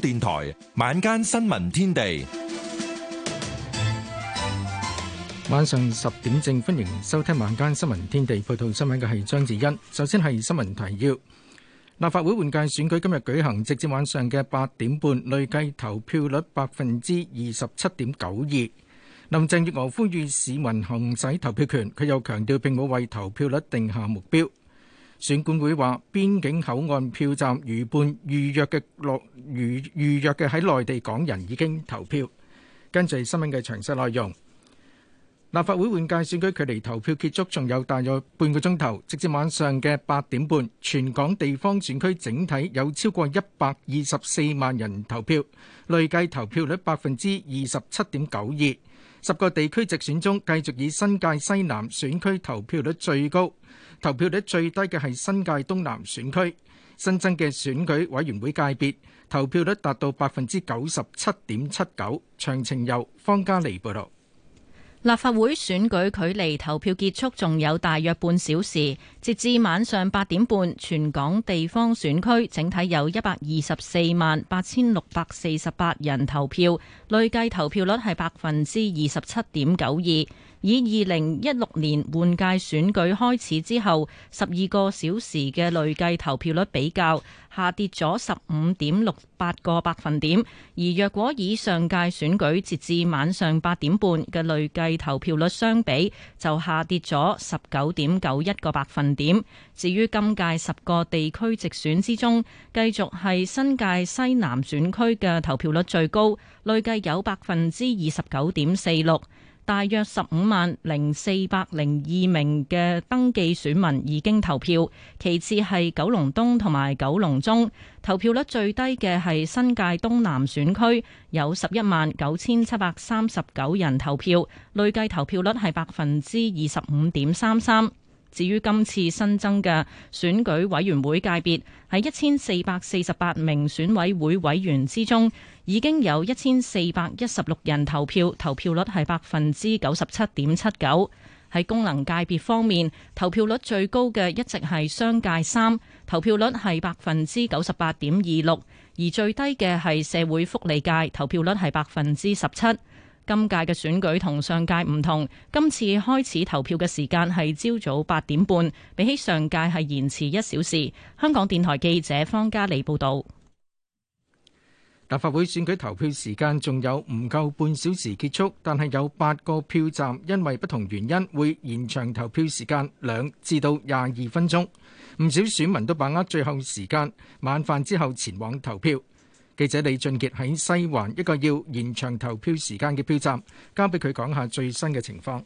電台晚間新聞天地，晚上十點正，歡迎收聽晚間新聞天地配套新聞嘅係張智欣。首先係新聞提要：立法會換屆選舉今日舉行，直至晚上嘅八點半，累計投票率百分之二十七點九二。林鄭月娥呼籲市民行使投票權，佢又強調，並冇為投票率定下目標。選管會話，邊境口岸票站逾半預約嘅落逾預約嘅喺內地港人已經投票。跟住新聞嘅詳細內容。立法會換屆選舉距離投票結束仲有大約半個鐘頭，直至晚上嘅八點半，全港地方選區整體有超過一百二十四萬人投票，累計投票率百分之二十七點九二。十個地區直選中，繼續以新界西南選區投票率最高。投票率最低嘅係新界東南選區，新增嘅選舉委員會界別投票率達到百分之九十七點七九。詳情由方嘉妮報道。立法會選舉距離投票結束仲有大約半小時，截至晚上八點半，全港地方選區整體有一百二十四萬八千六百四十八人投票，累計投票率係百分之二十七點九二。以二零一六年換屆選舉開始之後十二個小時嘅累計投票率比較，下跌咗十五點六八個百分點；而若果以上屆選舉截至晚上八點半嘅累計投票率相比，就下跌咗十九點九一個百分點。至於今屆十個地區直選之中，繼續係新界西南選區嘅投票率最高，累計有百分之二十九點四六。大約十五萬零四百零二名嘅登記選民已經投票，其次係九龍東同埋九龍中，投票率最低嘅係新界東南選區，有十一萬九千七百三十九人投票，累計投票率係百分之二十五點三三。至於今次新增嘅選舉委員會界別，喺一千四百四十八名選委會委員之中，已經有一千四百一十六人投票，投票率係百分之九十七點七九。喺功能界別方面，投票率最高嘅一直係商界三，投票率係百分之九十八點二六，而最低嘅係社會福利界，投票率係百分之十七。今屆嘅選舉同上屆唔同，今次開始投票嘅時間係朝早八點半，比起上屆係延遲一小時。香港電台記者方嘉莉報導。立法會選舉投票時間仲有唔夠半小時結束，但係有八個票站因為不同原因會延長投票時間兩至到廿二分鐘。唔少選民都把握最後時間，晚飯之後前往投票。記者李俊杰喺西環一個要延長投票時間嘅票站，交俾佢講下最新嘅情況。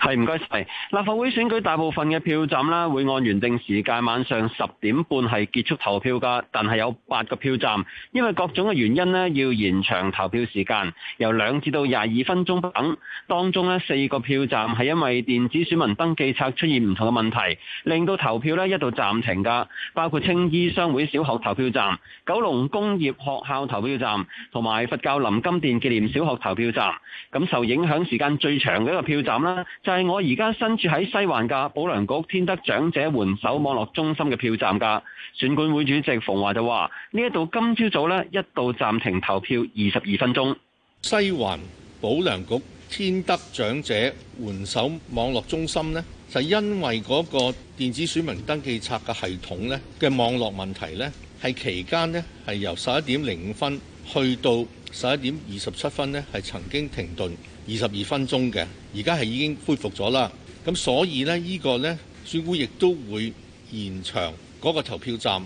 係，唔該晒。立法會選舉大部分嘅票站啦，會按原定時間晚上十點半係結束投票噶。但係有八個票站，因為各種嘅原因咧，要延長投票時間，由兩至到廿二分鐘不等。當中呢，四個票站係因為電子選民登記冊出現唔同嘅問題，令到投票呢一度暫停噶。包括青衣商會小學投票站、九龍工業學校投票站同埋佛教林金殿紀念小學投票站。咁受影響時間最長嘅一個票站啦，就係我而家身處喺西環嘅保良局天德長者援手網絡中心嘅票站㗎，選管會主席馮驊就話：呢度今朝早呢，一度暫停投票二十二分鐘。西環保良局天德長者援手網絡中心呢，就是、因為嗰個電子選民登記冊嘅系統呢嘅網絡問題呢，係期間呢，係由十一點零五分去到十一點二十七分呢，係曾經停頓。二十二分鐘嘅，而家係已經恢復咗啦。咁所以呢，呢個呢選舉亦都會延長嗰個投票站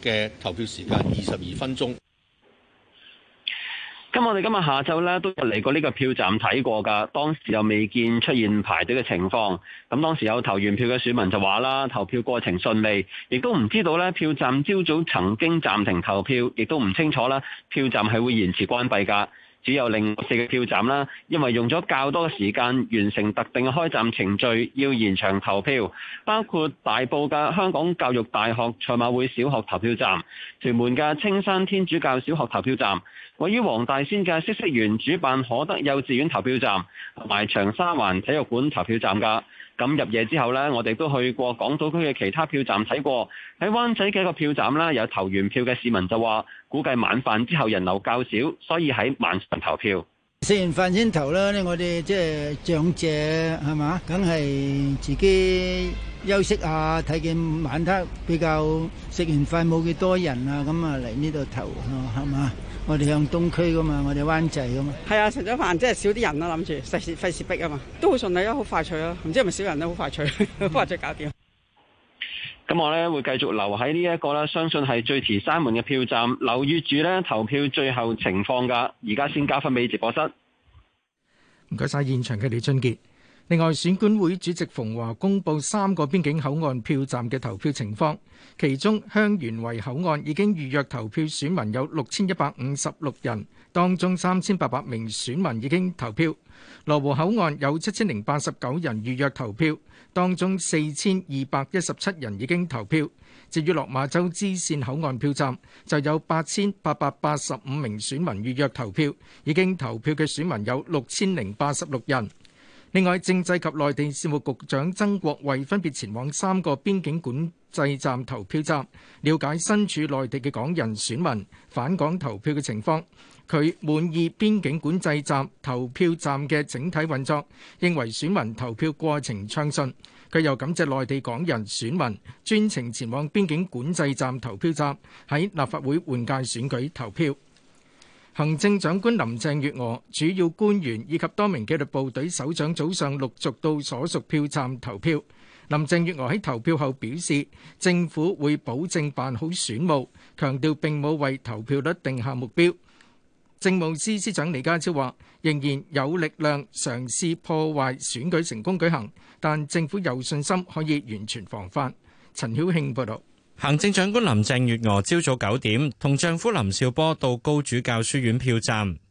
嘅投票時間二十二分鐘。咁我哋今日下晝呢都有嚟過呢個票站睇過㗎，當時又未見出現排隊嘅情況。咁當時有投完票嘅選民就話啦，投票過程順利，亦都唔知道呢票站朝早曾經暫停投票，亦都唔清楚啦。票站係會延遲關閉㗎。只有另外四個票站啦，因為用咗較多嘅時間完成特定嘅開站程序，要延長投票，包括大埔嘅香港教育大學賽馬會小學投票站、屯門嘅青山天主教小學投票站、位於黃大仙嘅嗇色園主辦可德幼稚園投票站同埋長沙灣體育館投票站㗎。咁入夜之後咧，我哋都去過港島區嘅其他票站睇過，喺灣仔嘅一個票站啦，有投完票嘅市民就話，估計晚飯之後人流較少，所以喺晚上投票。食完飯先投啦！我哋即係長者係嘛，梗係自己休息下，睇見晚黑比較食完飯冇幾多人啊，咁啊嚟呢度投係嘛？我哋向東區㗎嘛，我哋灣仔㗎嘛。係啊，食咗飯即係少啲人咯，諗住費事費事逼啊嘛，都好順利咯，好快脆咯，唔知係咪少人咯，好快脆，幫下再搞掂。咁我咧會繼續留喺呢一個啦，相信係最遲閂門嘅票站，留意住咧投票最後情況㗎，而家先交返俾直播室。唔該晒，現場嘅李俊傑。另外，選管會主席馮華公布三個邊境口岸票站嘅投票情況，其中香園圍口岸已經預約投票選民有六千一百五十六人，當中三千八百名選民已經投票。羅湖口岸有七千零八十九人預約投票。當中四千二百一十七人已經投票，至於落馬洲支線口岸票站就有八千八百八十五名選民預約投票，已經投票嘅選民有六千零八十六人。另外，政制及內地事務局長曾國衛分別前往三個邊境管制站投票站，了解身處內地嘅港人選民返港投票嘅情況。佢滿意邊境管制站投票站嘅整體運作，認為選民投票過程暢順。佢又感謝內地港人選民專程前往邊境管制站投票站，喺立法會換屆選舉投票。行政長官林鄭月娥、主要官員以及多名紀律部隊首長早上陸續到所屬票站投票。林鄭月娥喺投票後表示，政府會保證辦好選務，強調並冇為投票率定下目標。政務司司長李家超話，仍然有力量嘗試破壞選舉成功舉行，但政府有信心可以完全防範。陳曉慶報道。行政長官林鄭月娥朝早九點同丈夫林兆波到高主教書院票站。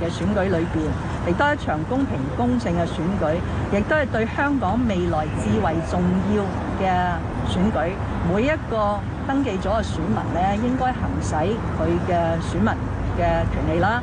嘅選舉裏邊，亦都係一場公平公正嘅選舉，亦都係對香港未來至為重要嘅選舉。每一個登記咗嘅選民咧，應該行使佢嘅選民嘅權利啦。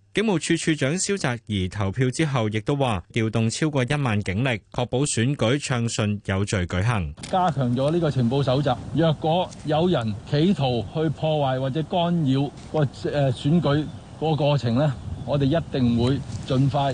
警務處處長蕭澤頤投票之後，亦都話調動超過一萬警力，確保選舉暢順有序舉行。加強咗呢個情報搜集，若果有人企圖去破壞或者干擾個誒選舉個過程咧，我哋一定會盡快。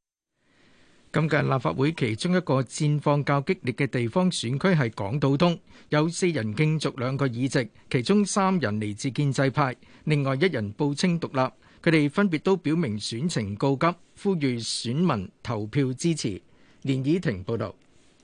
今屆立法會其中一個戰況較激烈嘅地方選區係港島東，有四人競逐兩個議席，其中三人嚟自建制派，另外一人報稱獨立。佢哋分別都表明選情告急，呼籲選民投票支持。連以婷報道。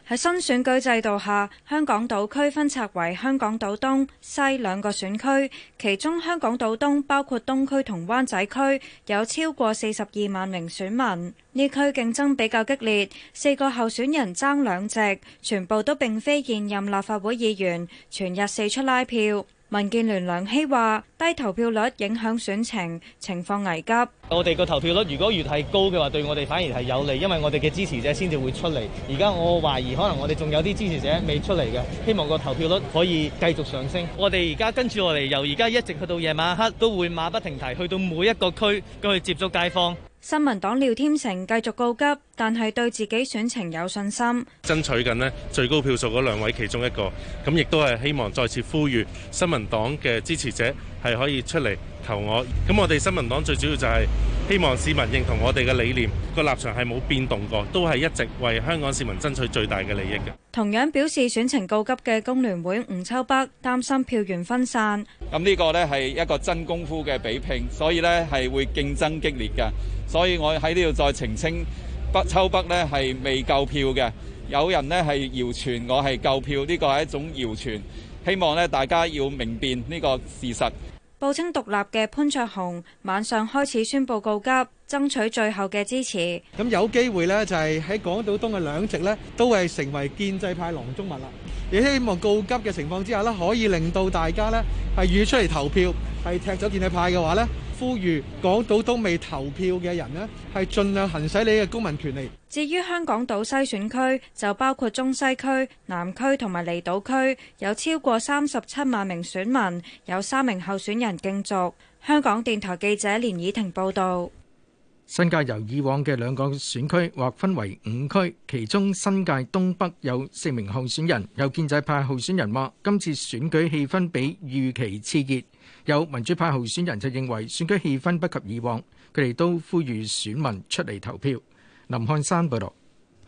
喺新選舉制度下，香港島區分拆為香港島東、西兩個選區，其中香港島東包括東區同灣仔區，有超過四十二萬名選民。呢區競爭比較激烈，四個候選人爭兩席，全部都並非現任立法會議員，全日四出拉票。民建聯梁希話：低投票率影響選情，情況危急。我哋個投票率如果越係高嘅話，對我哋反而係有利，因為我哋嘅支持者先至會出嚟。而家我懷疑可能我哋仲有啲支持者未出嚟嘅，希望個投票率可以繼續上升。我哋而家跟住落嚟，由而家一直去到夜晚黑，都會馬不停蹄去到每一個區，去接觸街坊。新民黨廖添成繼續告急。但係對自己選情有信心，爭取緊咧最高票數嗰兩位其中一個咁，亦都係希望再次呼籲新民黨嘅支持者係可以出嚟投我。咁我哋新民黨最主要就係希望市民認同我哋嘅理念，個立場係冇變動過，都係一直為香港市民爭取最大嘅利益嘅。同樣表示選情告急嘅工聯會吳秋北擔心票源分散。咁呢個呢係一個真功夫嘅比拼，所以呢係會競爭激烈嘅。所以我喺呢度再澄清。北秋北呢，係未夠票嘅，有人呢，係謠傳我係夠票，呢、呢個係一種謠傳，希望呢，大家要明辨呢個事實。報稱獨立嘅潘卓雄晚上開始宣布告急，爭取最後嘅支持。咁有機會呢，就係、是、喺港島東嘅兩席呢，都係成為建制派囊中物啦。亦希望告急嘅情況之下呢，可以令到大家呢，係預出嚟投票，係踢咗建制派嘅話呢。呼籲港島都未投票嘅人呢係盡量行使你嘅公民權利。至於香港島西選區，就包括中西區、南區同埋離島區，有超過三十七萬名選民，有三名候選人競逐。香港電台記者連以婷報道：「新界由以往嘅兩個選區劃分為五區，其中新界東北有四名候選人，有建制派候選人話今次選舉氣氛比預期熾熱。有民主派候選人就認為選舉氣氛不及以往，佢哋都呼籲選民出嚟投票。林漢山報導：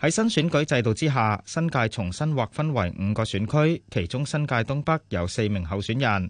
喺新選舉制度之下，新界重新劃分為五個選區，其中新界東北有四名候選人。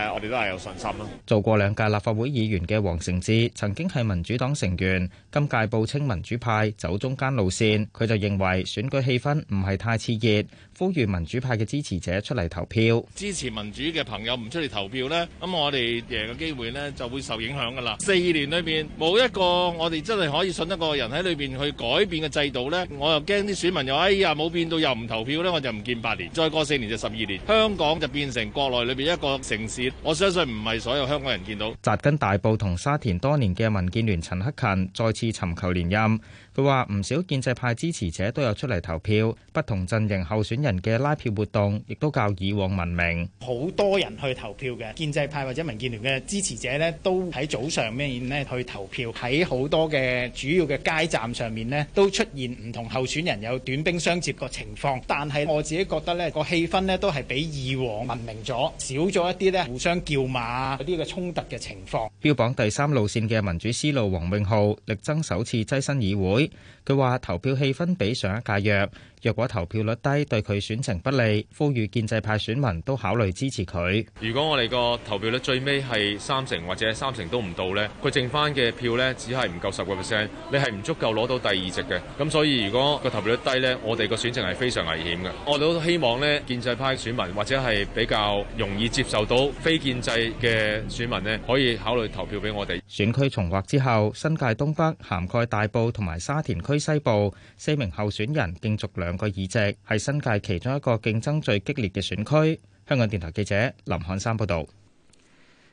我哋都係有信心咯。做過兩屆立法會議員嘅黃成志，曾經係民主黨成員，今屆報稱民主派走中間路線，佢就認為選舉氣氛唔係太熾熱。呼籲民主派嘅支持者出嚟投票，支持民主嘅朋友唔出嚟投票呢，咁我哋贏嘅機會呢就會受影響噶啦。四年裏面冇一個我哋真係可以信得過人喺裏邊去改變嘅制度呢。我又驚啲選民又哎呀，冇變到又唔投票呢，我就唔見八年，再過四年就十二年，香港就變成國內裏邊一個城市，我相信唔係所有香港人見到。扎根大埔同沙田多年嘅民建聯陳克勤再次尋求連任。佢話唔少建制派支持者都有出嚟投票，不同陣營候選人嘅拉票活動亦都較以往文明。好多人去投票嘅建制派或者民建聯嘅支持者呢，都喺早上面咧去投票。喺好多嘅主要嘅街站上面呢，都出現唔同候選人有短兵相接嘅情況。但係我自己覺得呢個氣氛呢，都係比以往文明咗，少咗一啲呢互相叫罵嗰啲嘅衝突嘅情況。標榜第三路線嘅民主思路，黃永浩力爭首次躋身議會。佢話投票氣氛比上一屆弱，若果投票率低，對佢選情不利，呼籲建制派選民都考慮支持佢。如果我哋個投票率最尾係三成或者三成都唔到呢，佢剩翻嘅票呢，只係唔夠十個 percent，你係唔足夠攞到第二席嘅。咁所以如果個投票率低呢，我哋個選情係非常危險嘅。我哋都希望呢，建制派選民或者係比較容易接受到非建制嘅選民呢，可以考慮投票俾我哋。選區重劃之後，新界東北涵蓋大埔同埋沙田區西部四名候選人競逐兩個議席，係新界其中一個競爭最激烈嘅選區。香港電台記者林漢山報導。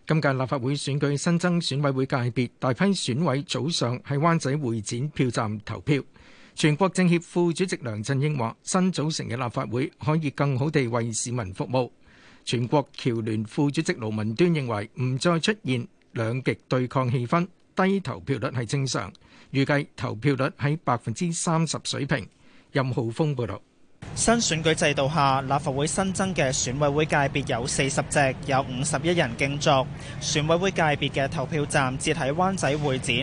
今屆立法會選舉新增選委會界別，大批選委早上喺灣仔會展票站投票。全國政協副主席梁振英話，新組成嘅立法會可以更好地為市民服務。全國僑聯副主席盧文端認為，唔再出現兩極對抗氣氛。低投票率係正常，預計投票率喺百分之三十水平。任浩峰報道。新選舉制度下，立法會新增嘅選委會界別有四十席，有五十一人競逐。選委會界別嘅投票站設喺灣仔會展。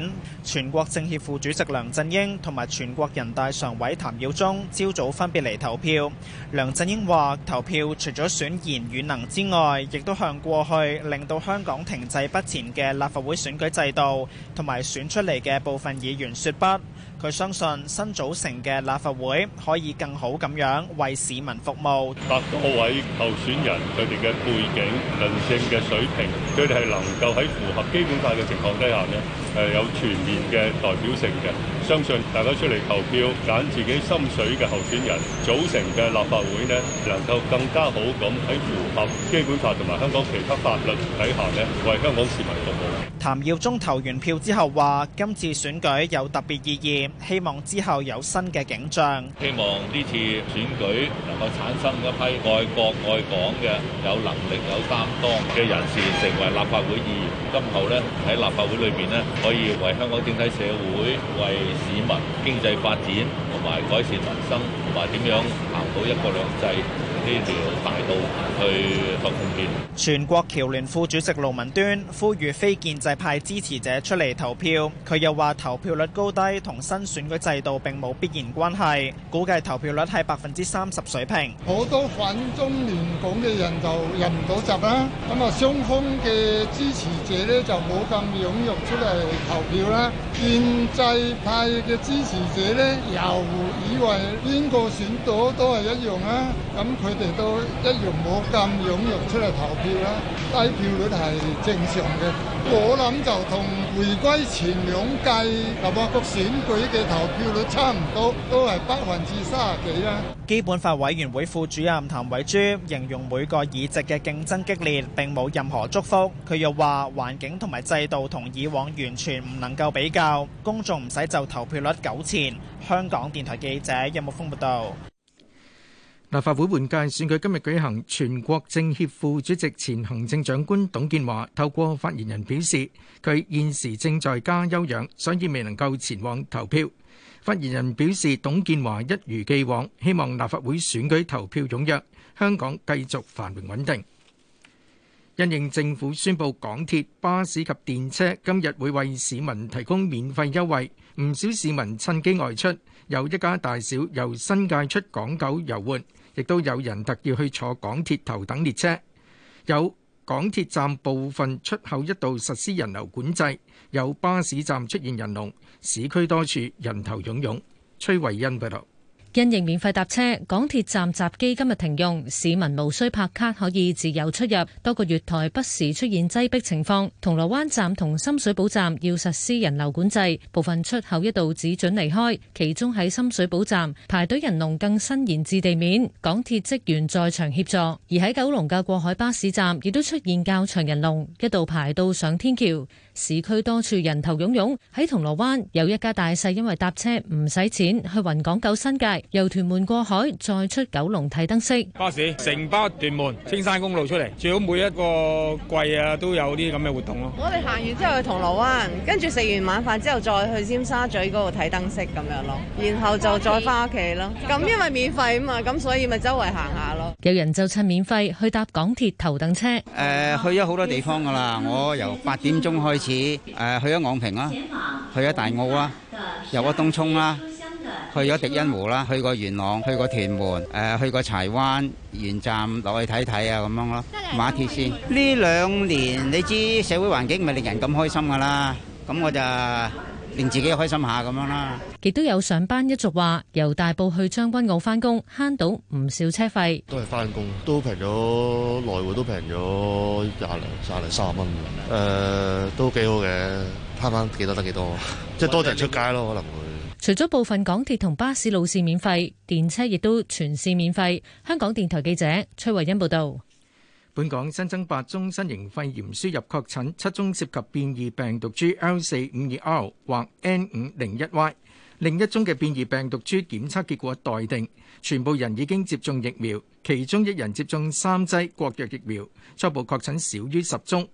全國政協副主席梁振英同埋全國人大常委譚耀宗朝早分別嚟投票。梁振英話：投票除咗選賢與能之外，亦都向過去令到香港停滯不前嘅立法會選舉制度同埋選出嚟嘅部分議員說不。佢相信新組成嘅立法會可以更好咁樣為市民服務。百多位候選人佢哋嘅背景、論證嘅水平，佢哋係能夠喺符合基本法嘅情況底下呢。誒有全面嘅代表性嘅，相信大家出嚟投票，揀自己心水嘅候選人，組成嘅立法會咧，能夠更加好咁喺符合基本法同埋香港其他法律底下咧，為香港市民服務。譚耀宗投完票之後話：今次選舉有特別意義，希望之後有新嘅景象。希望呢次選舉能夠產生一批愛國愛港嘅、有能力有擔當嘅人士，成為立法會議員。今後咧喺立法會裏邊咧。可以為香港整體社會、為市民經濟發展同埋改善民生，同埋點樣行到一國兩制？啲住大道去發工券。全國僑聯副主席盧文端呼籲非建制派支持者出嚟投票。佢又話投票率高低同新選舉制度並冇必然關係，估計投票率係百分之三十水平。好多反中亂港嘅人就入唔到閘啦。咁啊，雙方嘅支持者咧就冇咁踴躍出嚟投票啦。建制派嘅支持者咧又以為邊個選咗都係一樣啊。咁佢。我哋都一樣冇咁踴躍出嚟投票啦，低票率係正常嘅。我諗就同回歸前兩屆立法局選舉嘅投票率差唔多，都係百分之三十幾啦。基本法委員會副主任譚惠珠形容每個議席嘅競爭激烈並冇任何祝福。佢又話環境同埋制度同以往完全唔能夠比較，公眾唔使就投票率糾纏。香港電台記者任木峯報道。立法會換屆選舉今日舉行，全國政協副主席、前行政長官董建華透過發言人表示，佢現時正在家休養，所以未能夠前往投票。發言人表示，董建華一如既往，希望立法會選舉投票踊躍，香港繼續繁榮穩定。因應政府宣布港鐵、巴士及電車今日會為市民提供免費優惠，唔少市民趁機外出。有一家大小由新界出港九遊玩，亦都有人特意去坐港鐵頭等列車。有港鐵站部分出口一度實施人流管制，有巴士站出現人龍，市區多處人頭湧湧。崔慧欣報道。因應免費搭車，港鐵站閘機今日停用，市民無需拍卡可以自由出入。多個月台不時出現擠逼情況，銅鑼灣站同深水埗站要實施人流管制，部分出口一度只准離開。其中喺深水埗站排隊人龍更伸延至地面，港鐵職員在場協助。而喺九龍嘅過海巴士站亦都出現較長人龍，一度排到上天橋。市區多處人頭湧湧，喺銅鑼灣有一家大細因為搭車唔使錢去雲港九新界。由屯門過海，再出九龍睇燈飾。巴士成包屯門青山公路出嚟，最好每一個季啊都有啲咁嘅活動咯。我哋行完之後去銅鑼灣，跟住食完晚飯之後再去尖沙咀嗰度睇燈飾咁樣咯，然後就再翻屋企咯。咁因為免費啊嘛，咁所以咪周圍行下咯。有人就趁免費去搭港鐵頭等車。誒，去咗好多地方噶啦。我由八點鐘開始，誒，去咗昂平啦，去咗大澳啦，遊咗東涌啦。去咗迪欣湖啦，去過元朗，去過屯門，誒、呃，去過柴灣、元站，落去睇睇啊，咁樣咯。馬鐵線呢兩年，你知社會環境咪令人咁開心噶啦？咁我就令自己開心下咁樣啦。亦都有上班一族話，由大埔去將軍澳翻工，慳到唔少車費。都係翻工，都平咗來回都平咗廿零、卅零、三蚊、嗯。誒、呃，都幾好嘅，慳翻幾多得幾多，即係 多人出街咯，可能會。除咗部分港鐵同巴士路線免費，電車亦都全線免費。香港電台記者崔慧欣報道，本港新增八宗新型肺炎輸入確診，七宗涉及變異病毒株 L 四五二 R 或 N 五零一 Y，另一宗嘅變異病毒株檢測結果待定。全部人已經接種疫苗，其中一人接種三劑國藥疫苗。初步確診少於十宗。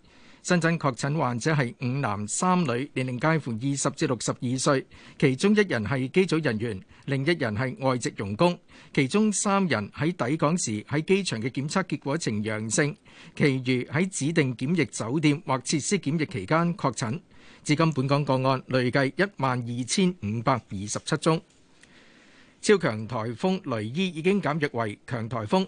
新增確診患者係五男三女，年齡介乎二十至六十二歲，其中一人係機組人員，另一人係外籍傭工，其中三人喺抵港時喺機場嘅檢測結果呈陽性，其餘喺指定檢疫酒店或設施檢疫期間確診。至今本港個案累計一萬二千五百二十七宗。超強颱風雷伊已經減弱為強颱風。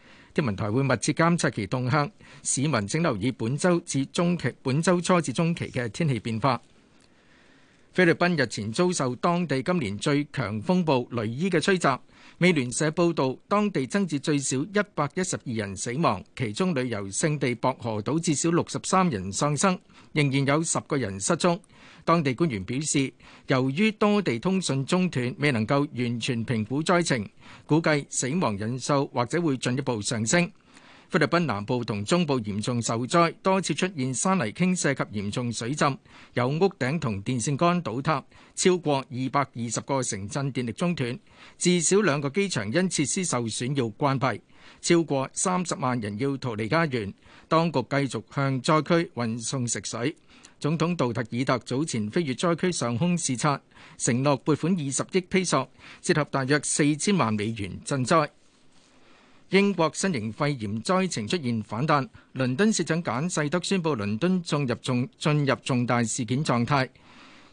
天文台會密切監測其動向，市民請留意本周至中期，本周初至中期嘅天氣變化。菲律賓日前遭受當地今年最強風暴雷伊嘅吹襲，美聯社報道，當地增至最少一百一十二人死亡，其中旅遊勝地薄荷島至少六十三人喪生，仍然有十個人失蹤。當地官員表示，由於多地通訊中斷，未能夠完全評估災情，估計死亡人數或者會進一步上升。菲律賓南部同中部嚴重受災，多次出現山泥傾瀉及嚴重水浸，有屋頂同電線杆倒塌，超過二百二十個城鎮電力中斷，至少兩個機場因設施受損要關閉，超過三十萬人要逃離家園。當局繼續向災區運送食水。總統杜特爾特早前飛越災區上空視察，承諾撥款二十億披索，折合大約四千萬美元，賑災。英國新型肺炎災情出現反彈，倫敦市長簡世德宣布倫敦進入重進入重大事件狀態。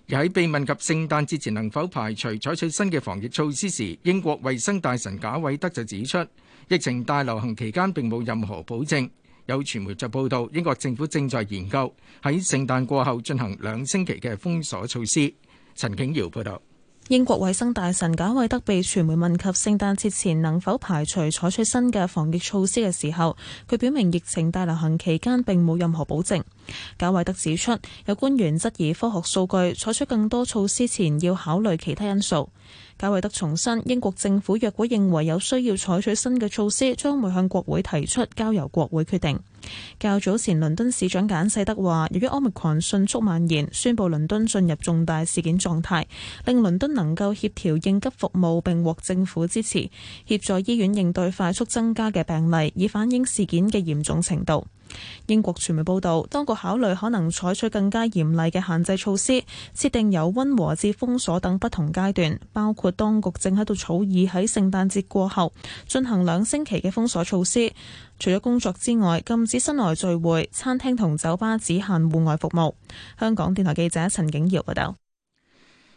而喺被問及聖誕節前能否排除採取新嘅防疫措施時，英國衛生大臣賈偉德就指出，疫情大流行期間並冇任何保證。有傳媒就報道，英國政府正在研究喺聖誕過後進行兩星期嘅封鎖措施。陳景耀報道。英國衛生大臣賈偉德被傳媒問及聖誕節前能否排除採取新嘅防疫措施嘅時候，佢表明疫情大流行期間並冇任何保證。賈偉德指出，有官員質疑科學數據，採取更多措施前要考慮其他因素。賈維德重申，英國政府若果認為有需要採取新嘅措施，將會向國會提出，交由國會決定。較早前，倫敦市長簡世德話，由於安 m i 迅速蔓延，宣布倫敦進入重大事件狀態，令倫敦能夠協調應急服務，並獲政府支持，協助醫院應對快速增加嘅病例，以反映事件嘅嚴重程度。英國傳媒報道，當局考慮可能採取更加嚴厲嘅限制措施，設定有温和至封鎖等不同階段，包括當局正喺度草擬喺聖誕節過後進行兩星期嘅封鎖措施，除咗工作之外，禁止室內聚會，餐廳同酒吧只限戶外服務。香港電台記者陳景堯報道。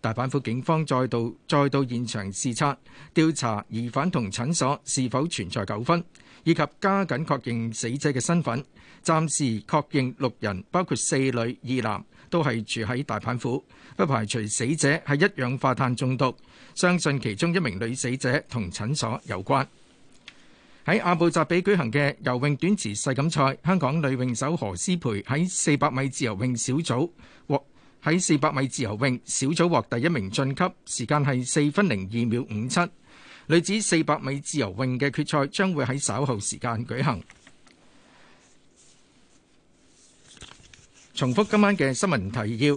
大阪府警方再度再到現場視察調查，疑犯同診所是否存在糾紛以及加緊確認死者嘅身份。暫時確認六人，包括四女二男，都係住喺大阪府，不排除死者係一氧化碳中毒。相信其中一名女死者同診所有關。喺阿布扎比舉行嘅游泳短池世錦賽，香港女泳手何思培喺四百米自由泳小組獲。喺四百米自由泳小組獲第一名晉級，時間係四分零二秒五七。女子四百米自由泳嘅決賽將會喺稍後時間舉行。重複今晚嘅新聞提要：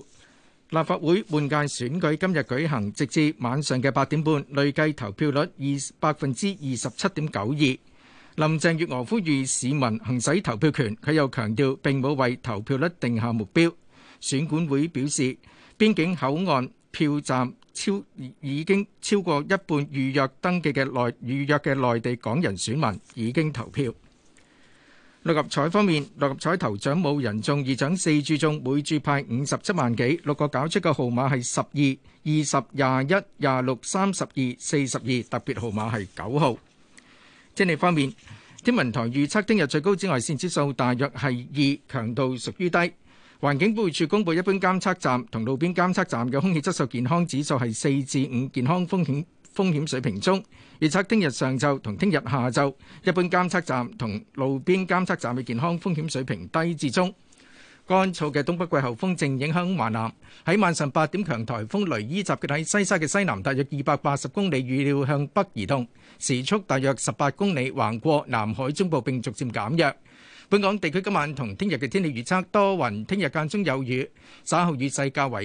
立法會換屆選舉今日舉行，直至晚上嘅八點半，累計投票率百分之二十七點九二。林鄭月娥呼籲市民行使投票權，佢又強調，並冇為投票率定下目標。選管會表示，邊境口岸票站超已經超過一半預約登記嘅內預約嘅內地港人選民已經投票。六合彩方面，六合彩頭獎冇人中，二獎四注中，每注派五十七萬幾。六個搞出嘅號碼係十二、二十、廿一、廿六、三十二、四十二。特別號碼係九號。天氣方面，天文台預測聽日最高紫外線指數大約係二，強度屬於低。環境保護署公佈一般監測站同路邊監測站嘅空氣質素健康指數係四至五，健康風險風險水平中。預測聽日上晝同聽日下晝，一般監測站同路邊監測站嘅健康風險水平低至中。乾燥嘅東北季候風正影響華南。喺晚上八點，強颱風雷伊集結喺西沙嘅西南，大約二百八十公里，預料向北移動，時速大約十八公里，橫過南海中部並逐漸減弱。本港地區今晚同聽日嘅天氣預測多雲，聽日間中有雨，稍後雨勢較為。